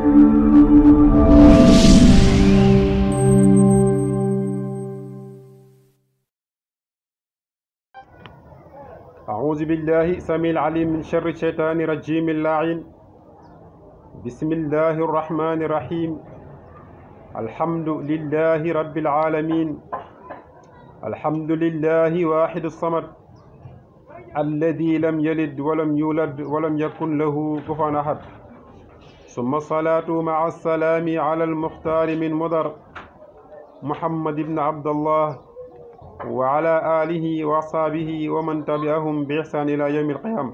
أعوذ بالله سميع العليم من شر الشيطان الرجيم اللعين بسم الله الرحمن الرحيم الحمد لله رب العالمين الحمد لله واحد الصمد الذي لم يلد ولم يولد ولم يكن له كفوا أحد ثم الصلاة مع السلام على المختار من مضر محمد بن عبد الله وعلى آله وأصحابه ومن تبعهم بإحسان إلى يوم القيامة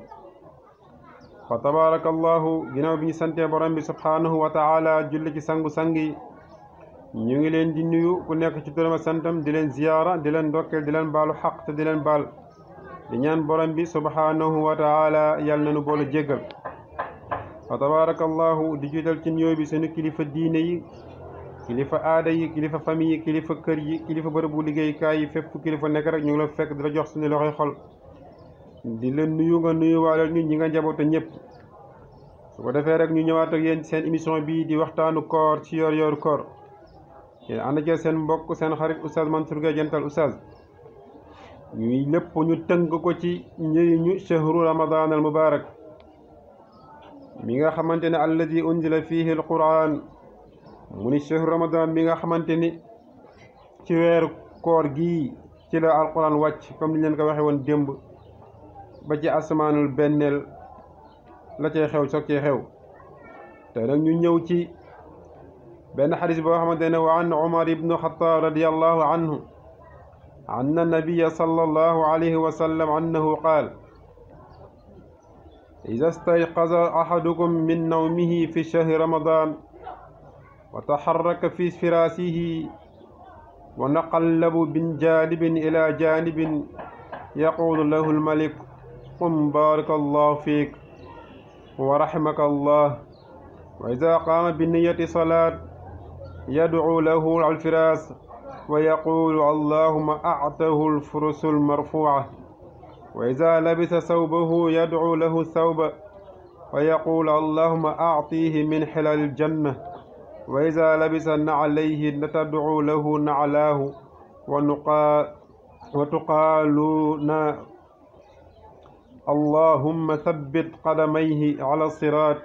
فتبارك الله جناب بن سنتي برم سبحانه وتعالى جلك سنغ سنغي نيغي لين دي نيو كو نيك سي تورما سنتم دي لين زياره دي لين دوكل دي لين بالو حق دي لين بال دي نيان برم سبحانه وتعالى يالنا نو بولو جيغل فتبارك الله ديجيتال تي نيو بي سينو كليفا ديني كليفا اداي كليفا فامي كليفا كير يي كليفا بربو ليغي كاي فيب كليفا نيك رك نيغلا فك دلا جوخ سوني لوخي خول دي لا نيو غا نيو والا ني نيغا جابوتو نييب سوكو دافي رك ني نيوات اك يين سين ايميسيون بي دي وقتانو كور سي يور يور كور انا جا سين بوك سين خريف استاذ منصور جا جنتال استاذ ñuy lépp ñu tënk ko ci ñëri ñu chehru ramadan al mubarak ميغا خمانتني الذي أنزل فيه القرآن موني شهر رمضان ميغا خمانتني تيوير كورغي تيلا القرآن واتش كم لنين كواحي وان ديمب باتي أسمان البنل لا تيخيو سوكي خيو تيلان نيو نيوتي بين حديث بو خمانتني وعن عمر بن خطار رضي الله عنه عن النبي صلى الله عليه وسلم أنه قال إذا استيقظ أحدكم من نومه في شهر رمضان وتحرك في فراسه ونقلب من جانب إلى جانب يقول له الملك قم بارك الله فيك ورحمك الله وإذا قام بالنية صلاة يدعو له على الفراس ويقول اللهم أعطه الفرس المرفوعة وإذا لبس ثوبه يدعو له الثوب ويقول اللهم أعطيه من حلال الجنة وإذا لبس نعليه تدعو له نعلاه ونقا وتقالون اللهم ثبت قدميه على الصراط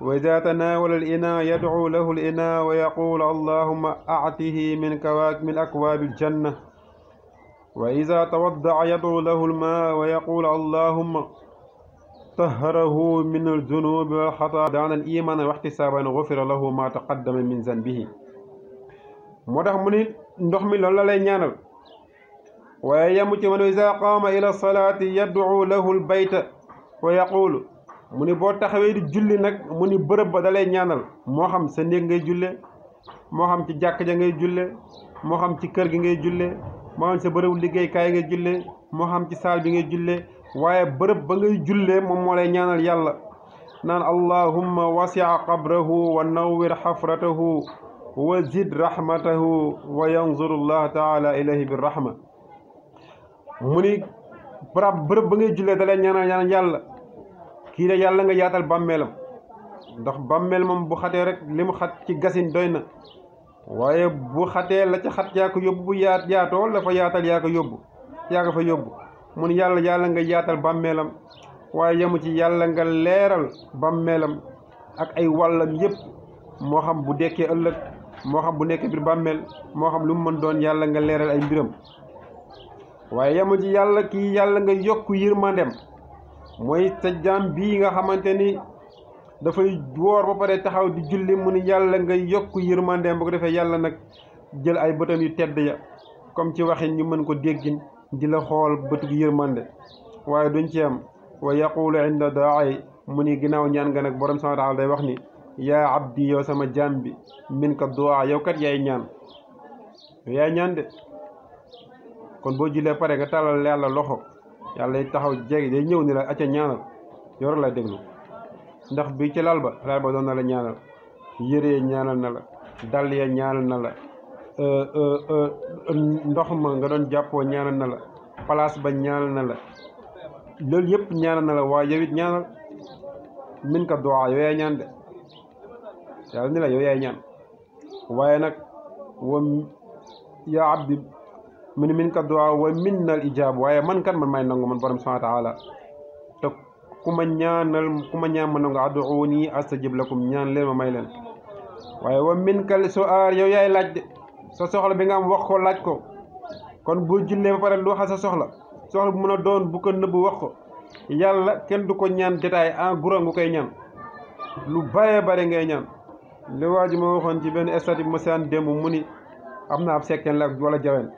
وإذا تناول الإناء يدعو له الإناء ويقول اللهم أعطه من كواكب من أكواب الجنة وإذا توضع يدعو له الماء ويقول اللهم طهره من الذنوب والخطأ دعنا الإيمان واحتسابا غفر له ما تقدم من ذنبه مدح من ندخم لولا لا نيانال من إذا قام إلى الصلاة يدعو له البيت ويقول من بو تخوي دي جولي نك من برب دا لاي نيانال مو خام سنيك جولي مو خام جاك جا جولي مو خام جولي maanaam sa bërëbu liggéeykaay nga julle mo xam ci saal bi nga julle waaye bërëb ba ngay julle moom moo lay ñaanal yàlla naan allahumma wasia qabrahu wa nawwir xafratahu wa zid rahmatahu wa yanzur allah taala ilayhi bi rahma mu ni barab bërëb ba ngay julle dalay ñaanal ñaanal yàlla kii la yàlla nga yaatal bàmmeelam ndax bàmmeel moom bu xatee rek li mu xat ci gasin doy na waaye bu xatee la ca xat yaa ko yóbbu bu yaat yaatoo la fa yaatal yaa ko yóbbu yaa fa yóbbu mun yàlla yàlla nga yaatal bàmmeelam waaye yemu ci yàlla nga leeral bàmmeelam ak ay wàllam yépp moo xam bu dekkee ëllëg moo xam bu nekk biir bàmmeel moo xam lu mën doon yàlla nga leeral ay mbiram waaye yemu ci yàlla kii yàlla nga yokk yërmandem mooy sa jaam bii nga xamante ni dafay woor ba pare taxaw di julli mu ni yàlla nga yokk yërmandeem bu ko defee yàlla nag jël ay bëtam yu tedd ya comme ci waxin ñu mën ko déggin di la xool bëtug yërmande waaye duñ ci am wa yaqulu inda daay mu ni ginnaaw ñaan nga nag borom sama taxal day wax ni yaa abdi yow sama jaam bi min ka duwaa yow kat yaay ñaan yaay ñaan de kon boo jullee pare nga tàllal yàlla loxo yàlla taxaw jege day ñëw ni la acca ñaanal yor la déglu ndax bi ci lal ba lal ba doon na la ñaanal yere ñaanal na la dal ya ñaanal na la ya euh, euh, euh, ndox ma nga doon jappo ñaanal na la place ba ñaanal na la lool yep ñaanal na la wa yewit ñaanal min ka dua yo ya ñaan de yàlla ni la yo ya ñaan waye nak wa ya abdi min min ka dua wa min nal waye man kan man may nangu man borom wa taala ku ma ñaanal ma ñaan mën nga ad'uuni astajib lakum ñaan leen ma may leen waaye wa min kal su'aar yow yaay laaj de sa soxla bi nga am wax ko laaj ko kon boo jullee ba pare lu wax sa soxla soxla bu mën a doon bu ko nëbb wax ko yàlla kenn du ko ñaan détail en gros nga koy ñaan lu bare bare ngay ñaan li waa ji ma waxoon ci benn stade bi ma seen démb mu ni am na ab sekkeen la wala jaween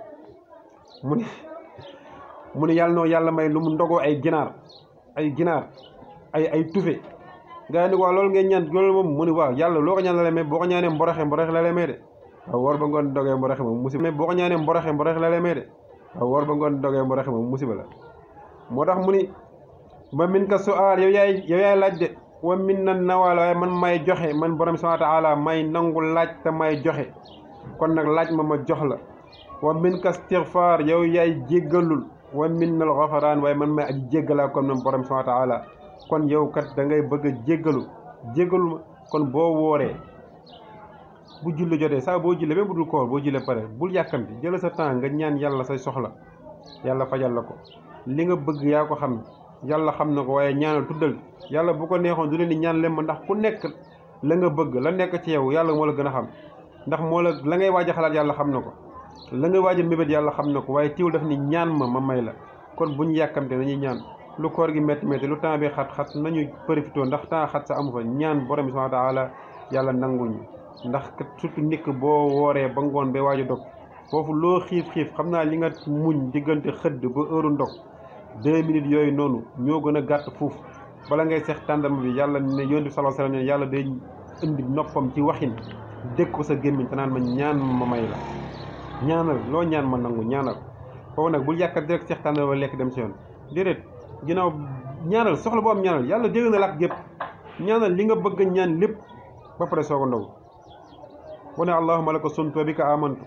mu ni mu ni yàlla noo yàlla may lu mu ndogoo ay ginaar ay ginar ay ay tufé gaa ni wa lol ngeen ñaan loolu mom mu ni wa yalla loko ko ñaan la lemee boo ko ñaanee mboroxe mboroxe la lemee de waaw woor ba ngon dogé mboroxe mom musibé boko ñaané ñaanee mboroxe la lemee de waaw war ba ngon dogé mboroxe mom musibé la motax mu ni ba min ka suaal yow yaay yow yaay laaj dé wa minna nawal way man may joxé man borom subhanahu wa taala may nangul laaj ta may joxé kon nak laaj ma ma jox la wa min ka istighfar yow yaay jéggalul wa minnal xafaraan waaye man may aji jéggalaa kon nam borom subhaana taala kon yow kat dangay ngay bëgg a jéggalu jéggalu ma kon boo wooree bu julli jotee saa boo jullee même bu dul koor boo jullee pare bul yàkkamti jëla sa temps nga ñaan yàlla say soxla yàlla fajal la ko li nga bëgg yaa ko xam yàlla xam na ko waaye ñaanal tuddal yàlla bu ko neexoon du leen di ñaan leen ndax ku nekk la nga bëgg la nekk ci yow yàlla moo la gën a xam ndax moo la la ngay waaj a yàlla xam na ko la nga waaj a mébét yàlla xam na ko waaye tiw daf ni ñaan ma ma may la kon buñ yàkkamte nañu ñaan lu koor gi métti métti lu temps bi xat-xat nañu profité ndax temps xat sa amu fa ñaan borom bi subhaanahu wa yàlla nanguñu ndax surtout ndikk boo wooree ba ngoon ba waaj a dog foofu loo xiif-xiif xam naa li nga muñ diggante xëdd ba heure ndog deux yooyu noonu ñoo gën a gàtt fuuf bala ngay seex tàndam bi yàlla ne yonent bi sallallahu alayhi wa yàlla day indi noppam ci waxin dëkk ko sa gémmiñ te naan ma ñaan ma may la ñaanal loo ñaan ma nangu ñaanal foofu nag bul yàkkat direct seex tàndal wala lekk dem si yoon déedéet ginnaaw ñaanal soxla boo am ñaanal yàlla dégg na la ak yëpp ñaanal li nga bëgg ñaan lépp ba pare soog a ndaw bu ne allahuma laka suntu wa bika amantu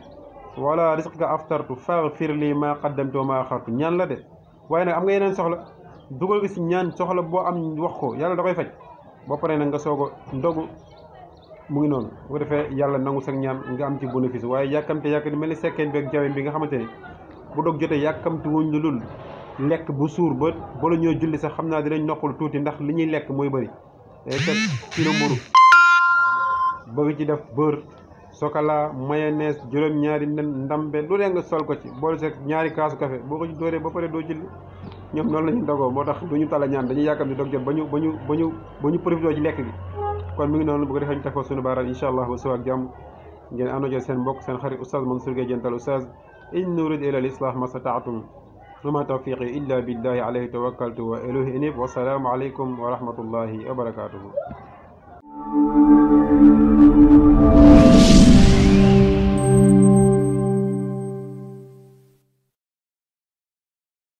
wala risqika aftartu faghfir li ma qaddamtu wa ma axartu ñaan la de waaye nag am nga yeneen soxla dugal ko si ñaan soxla boo am wax ko yàlla da koy faj ba pare nag nga soog a ndogu mu ngi noonu bu defee yàlla nangu sag ñaan nga am ci bénéfice waaye yàkkamte yàkkamte mel ni sekkeen beeg jaween bi nga xamante bu dog jotee yàkkamte wuñ lu lul lekk bu suur ba la ñoo julli sax xam naa dinañ noppal tuuti ndax li ñuy lekk mooy bëri ci teg kilo ba bëgg ci def beurre sokala mayonnaise juróom-ñaari nen ndambe lu dee nga sol ko ci boole sa ñaari kaasu café boo ko ci dóoree ba pare doo julli ñoom noonu la ñu dogoo moo tax du ñu tala ñaan dañuy yàkkamte dog jot ba ñu ba ñu ba ñu ba ñu profité ci lekk gi kon mi ngi noonu bu ko defee ñu teg fa suñu baaraan incha allah ba suba ak jàmm ngeen àndoo seen mbokk seen xarit oustaz Mansour Gueye Diène Tall oustaz in nurid ila al islah ma stata'tum wa ma tawfiqi illa billahi alayhi tawakkaltu wa ilayhi unib wa salaamu alaykum wa rahmatullahi wa barakatuhu